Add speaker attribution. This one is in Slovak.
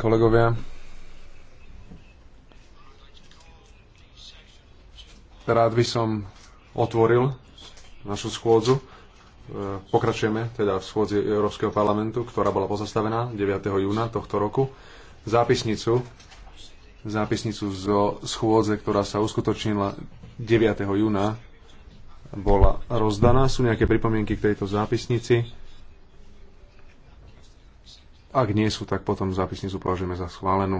Speaker 1: kolegovia. Rád by som otvoril našu schôdzu. E, pokračujeme teda v schôdzi Európskeho parlamentu, ktorá bola pozastavená 9. júna tohto roku. Zápisnicu, zápisnicu zo schôdze, ktorá sa uskutočnila 9. júna, bola rozdaná. Sú nejaké pripomienky k tejto zápisnici? Ak nie sú, tak potom zápisnicu
Speaker 2: považujeme za schválenú.